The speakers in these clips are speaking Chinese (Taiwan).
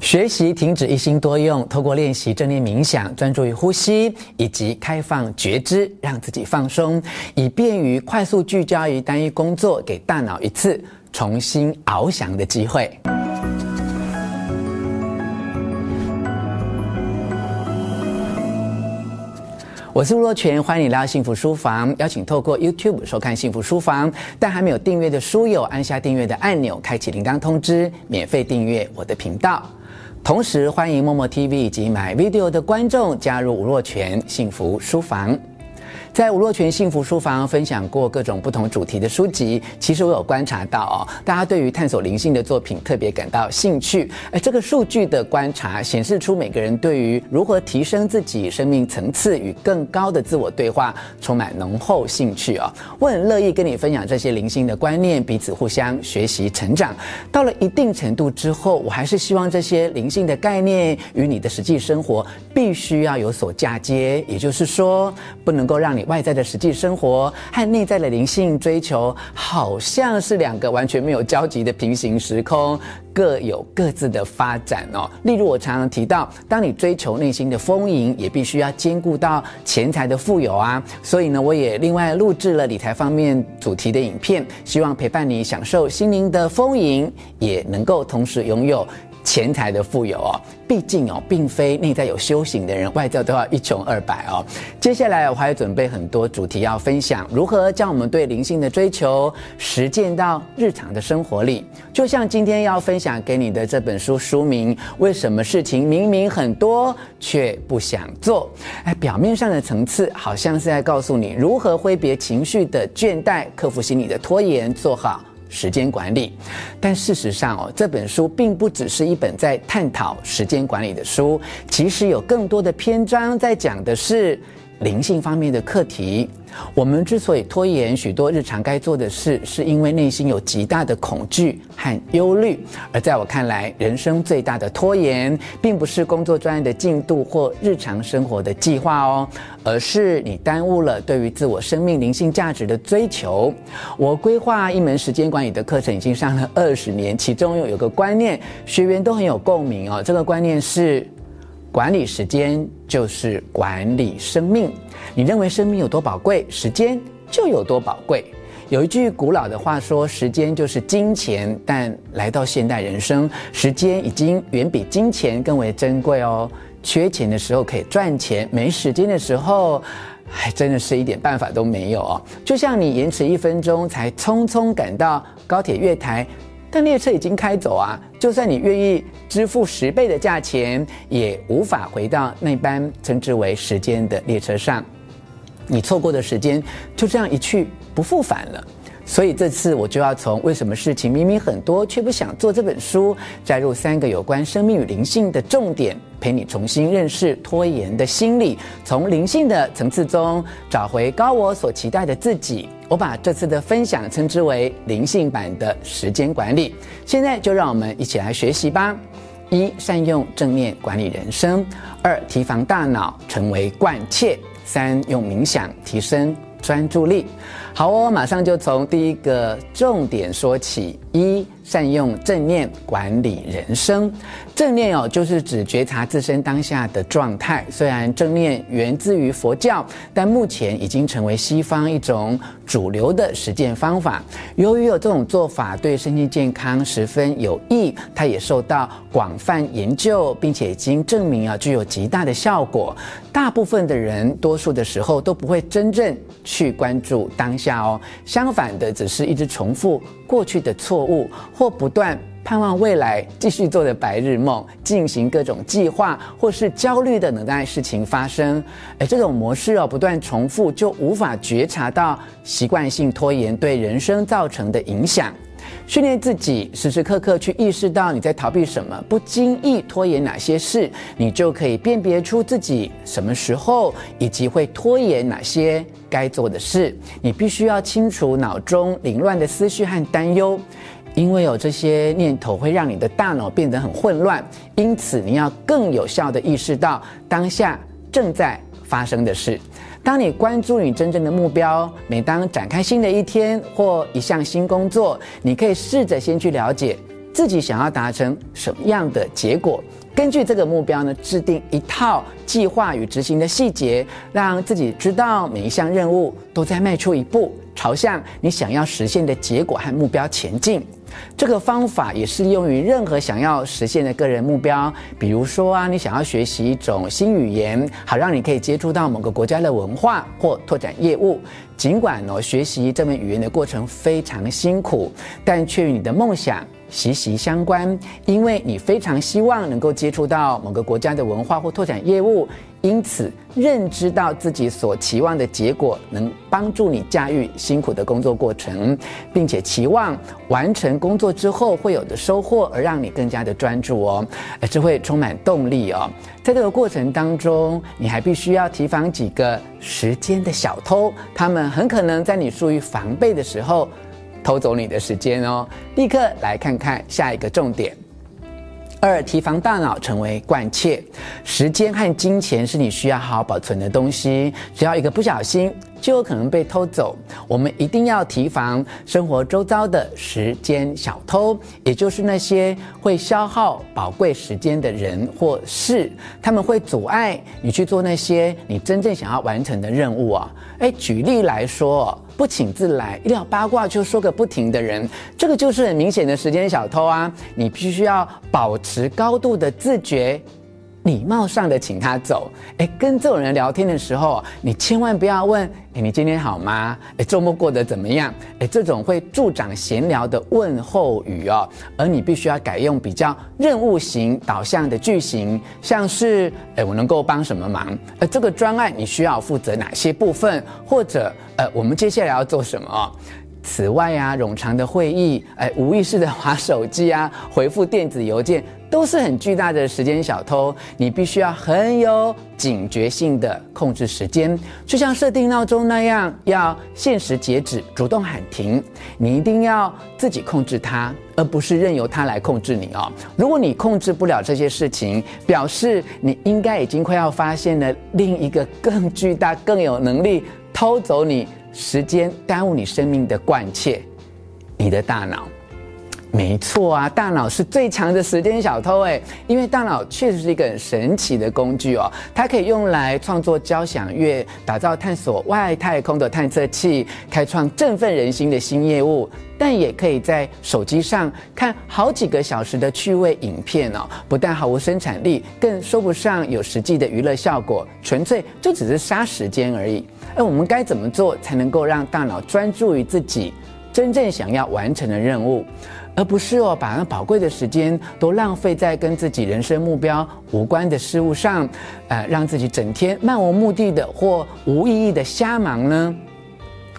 學習停止一心多用，透過練習正念冥想，專注於呼吸以及開放覺知，讓自己放鬆，以便於快速聚焦於單一工作，給大腦一次重新翱翔的機會。我是吳若權，歡迎你來到幸福書房。邀請透過 YouTube 收看幸福書房，但還沒有訂閱的書友按下訂閱的按鈕，開啟鈴鐺通知，免費訂閱我的頻道。同時歡迎 momo TV 及 MyVideo 的觀眾加入吳若權幸福書房。在吳若權幸福書房分享過各種不同主題的書籍。其實我有觀察到哦，大家對於探索靈性的作品特別感到興趣。哎，這個數據的觀察顯示出每個人對於如何提升自己生命層次與更高的自我對話充滿濃厚興趣哦。我很樂意跟你分享這些靈性的觀念，彼此互相學習成長。到了一定程度之後，我還是希望這些靈性的概念與你的實際生活必須要有所嫁接，也就是說，不能夠讓你。外在的實際生活和內在的靈性追求，好像是兩個完全沒有交集的平行時空，各有各自的發展哦。例如我常常提到，當你追求內心的豐盈，也必須要兼顧到錢財的富有啊。所以呢，我也另外錄制了理財方面主題的影片，希望陪伴你享受心靈的豐盈，也能夠同時擁有。錢財的富有哦，畢竟哦，並非內在有修行的人，外在都要一窮二白哦。接下來我還要準備很多主題要分享，如何將我們對靈性的追求實踐到日常的生活裡。就像今天要分享給你的這本書書名《為什麼事情明明很多卻不想做》，哎，表面上的層次好像是在告訴你如何揮別情緒的倦怠，克服心理的拖延，做好。時間管理。但事實上哦，這本書並不只是一本在探討時間管理的書，其實有更多的篇章在講的是，靈性方面的課題，我們之所以拖延許多日常該做的事，是因為內心有極大的恐懼和憂慮。而在我看來，人生最大的拖延，並不是工作專業的進度或日常生活的計劃哦，而是你耽誤了對於自我生命靈性價值的追求。我規劃一門時間管理的課程已經上了二十年，其中又有個觀念，學員都很有共鳴哦，這個觀念是。管理時間就是管理生命。你認為生命有多寶貴，時間就有多寶貴。有一句古老的話說：“時間就是金錢。”但來到現代人生，時間已經遠比金錢更為珍貴哦。缺錢的時候可以賺錢，沒時間的時候，哎，真的是一點辦法都沒有哦。就像你延遲一分鐘才匆匆趕到高鐵月台。但列車已經開走啊！就算你願意支付十倍的價錢，也無法回到那班稱之為“時間”的列車上。你錯過的時間就這樣一去不復返了。所以這次我就要從為什麼事情明明很多卻不想做這本書，摘錄三個有關生命與靈性的重點，陪你重新認識拖延的心理，從靈性的層次中找回高我所期待的自己。我把這次的分享稱之為靈性版的時間管理。現在就讓我們一起來學習吧：一、善用正念管理人生；二、提防大腦成為慣竊；三、用冥想提升專注力。好哦，馬上就從第一個重點說起。一、善用正念管理人生。正念哦，就是指覺察自身當下的狀態。雖然正念源自於佛教，但目前已經成為西方一種主流的實踐方法。由於有哦，這種做法對身心健康十分有益，它也受到廣泛研究，並且已經證明啊具有極大的效果。大部分的人，多數的時候都不會真正去關注當下哦，相反的，只是一直重複。過去的錯誤，或不斷盼望未來繼續做的白日夢，進行各種計劃，或是焦慮的等待事情發生，而這種模式哦，不斷重複，就無法覺察到習慣性拖延對人生造成的影響。訓練自己，時時刻刻去意識到你在逃避什麼，不經意拖延哪些事，你就可以辨別出自己什麼時候以及會拖延哪些該做的事。你必須要清除腦中凌亂的思緒和擔憂，因為有這些念頭會讓你的大腦變得很混亂。因此，你要更有效地意識到當下正在發生的事。當你關注你真正的目標，每當展開新的一天或一項新工作，你可以試着先去了解自己想要達成什麼樣的結果。根據這個目標呢，制定一套計劃與執行的細節，讓自己知道每一項任務都在邁出一步，朝向你想要實現的結果和目標前進。這個方法也適用於任何想要實現的個人目標，比如說啊，你想要學習一種新語言，好讓你可以接觸到某個國家的文化或拓展業務。儘管呢、哦，學習這門語言的過程非常辛苦，但卻與你的夢想息息相關，因為你非常希望能夠接觸到某個國家的文化或拓展業務，因此認知到自己所期望的結果能幫助你駕馭辛苦的工作過程，並且期望完成工作之後會有的收穫而讓你更加的專注哦，而這會充滿動力哦。在這個過程當中，你還必須要提防幾個時間的小偷，他們很可能在你疏於防備的時候。偷走你的時間哦！立刻來看看下一個重點。二、提防大腦成為慣竊，時間和金錢是你需要好好保存的東西，只要一個不小心。就有可能被偷走。我們一定要提防生活周遭的時間小偷，也就是那些會消耗寶貴時間的人或事。他們會阻礙你去做那些你真正想要完成的任務啊！哎，舉例來說，不請自來、一聊八卦就說個不停的人，這個就是很明顯的“時間小偷”啊！你必須要保持高度的自覺。禮貌上的請他走，誒，跟這種人聊天的時候，你千萬不要問，誒，你今天好嗎？欸，週末過得怎麼樣？誒，這種會助長閒聊的問候語哦，而你必須要改用比較任務型導向的句型，像是，誒，我能夠幫什麼忙？呃，這個專案你需要負責哪些部分？或者，呃，我們接下來要做什麼？此外啊，冗長的會議、呃，無意識的滑手機啊，回復電子郵件，都是很巨大的時間小偷。你必須要很有警覺性的控制時間，就像設定鬧鐘那樣，要限時截止，主動喊停。你一定要自己控制它，而不是任由它來控制你哦。如果你控制不了這些事情，表示你應該已經快要發現了另一個更巨大、更有能力。偷走你時間、耽誤你生命的慣竊。你的大腦，沒錯啊！大腦是最強的時間小偷哎，因為大腦確實是一個很神奇的工具哦，它可以用來創作交響樂、打造探索外太空的探測器、開創振奮人心的新業務，但也可以在手機上看好幾個小時的趣味影片哦。不但毫無生產力，更說不上有實際的娛樂效果，純粹就只是殺時間而已。那我們該怎麼做才能夠讓大腦專注於自己真正想要完成的任務，而不是哦把那寶貴的時間都浪費在跟自己人生目標無關的事物上，呃，讓自己整天漫無目的的或無意義的瞎忙呢？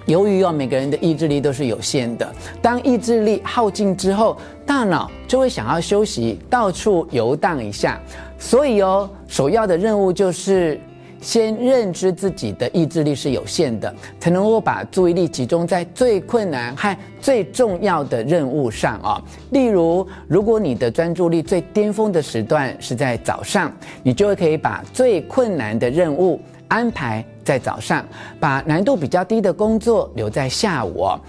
由於哦每個人的意志力都是有限的，當意志力耗盡之後，大腦就會想要休息，到處遊蕩一下。所以哦，首要的任務就是。先認知自己的意志力是有限的，才能夠把注意力集中在最困難和最重要的任務上啊、哦。例如，如果你的專注力最巔峰的時段是在早上，你就可以把最困難的任務安排在早上，把難度比較低的工作留在下午、哦。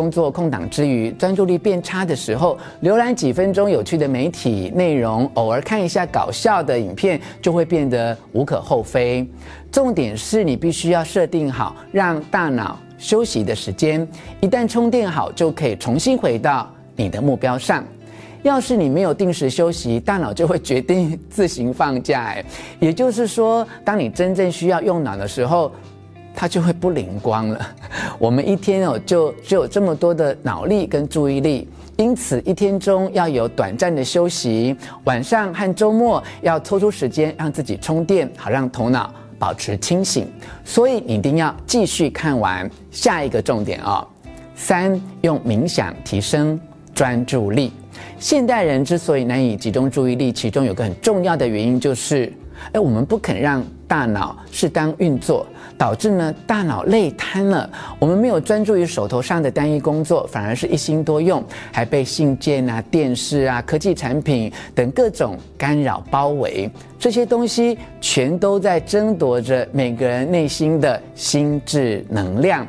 工作空檔之餘，專注力變差的時候，瀏覽幾分鐘有趣的媒體內容，偶爾看一下搞笑的影片，就會變得無可厚非。重點是你必須要設定好讓大腦休息的時間，一旦充電好，就可以重新回到你的目標上。要是你沒有定時休息，大腦就會決定自行放假、欸。也就是說，當你真正需要用腦的時候，它就會不靈光了。我們一天哦，就只有這麼多的腦力跟注意力，因此一天中要有短暫的休息，晚上和周末要抽出時間讓自己充電，好讓頭腦保持清醒。所以你一定要繼續看完。下一個重點哦，三，用冥想提升專注力。現代人之所以難以集中注意力，其中有個很重要的原因就是，哎，我們不肯讓大腦適當運作。導致呢，大腦累癱了。我們沒有專注於手頭上的單一工作，反而是一心多用，還被信件啊、電視啊、科技產品等各種干擾包圍。這些東西全都在爭奪着每個人內心的心智能量。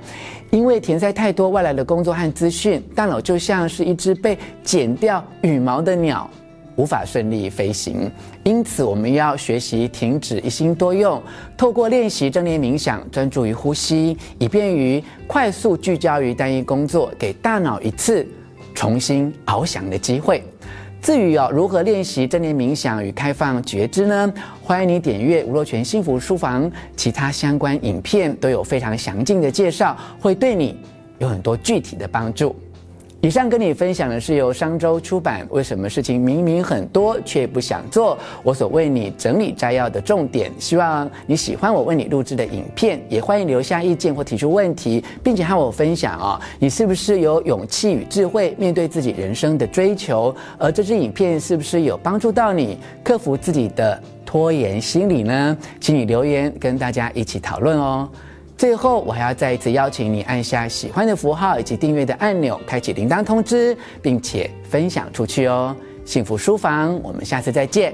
因為填塞太多外來的工作和資訊，大腦就像是一隻被剪掉羽毛的鳥。無法順利飛行，因此我們要學習停止一心多用，透過練習正念冥想，專注於呼吸，以便於快速聚焦於單一工作，給大腦一次重新翱翔的機會。至於、哦、如何練習正念冥想與開放覺知呢？歡迎你點閱吳若權幸福書房，其他相關影片都有非常詳盡的介紹，會對你有很多具體的幫助。以上跟你分享的是由商周出版《為什麼事情明明很多卻不想做》我所為你整理摘要的重點，希望你喜歡我為你錄制的影片，也歡迎留下意見或提出問題，並且和我分享哦。你是不是有勇氣與智慧面對自己人生的追求？而這支影片是不是有幫助到你克服自己的拖延心理呢？請你留言跟大家一起討論哦。最後，我還要再一次邀請你按下喜歡的符號以及訂閱的按鈕，開啟鈴鐺通知，並且分享出去哦。幸福書房，我們下次再見。